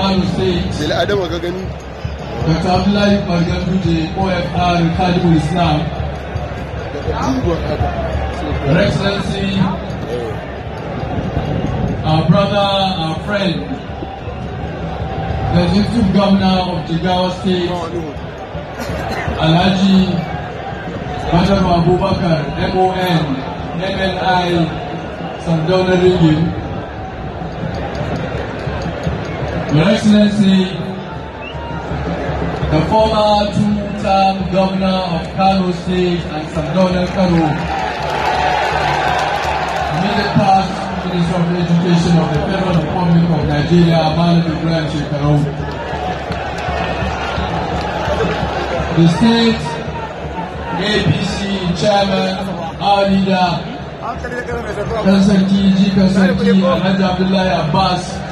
Kano State. Sila Adama ka gani? Dr. Abdullahi Bargan OFR Kadibul Islam. Your Excellency, our brother, our friend, the Executive Governor of Jigawa State, Alhaji Majaru Abubakar, MON, MNI, Sandona Ringin, Your Excellency, the former two-term governor of Kano State and Donald Kano, Minister, Minister of Education of the Federal Republic of Nigeria, Malam Ibrahim Karou, The state ABC chairman, our leader, Kansaki G. Kansaki, Alhaji Abbas,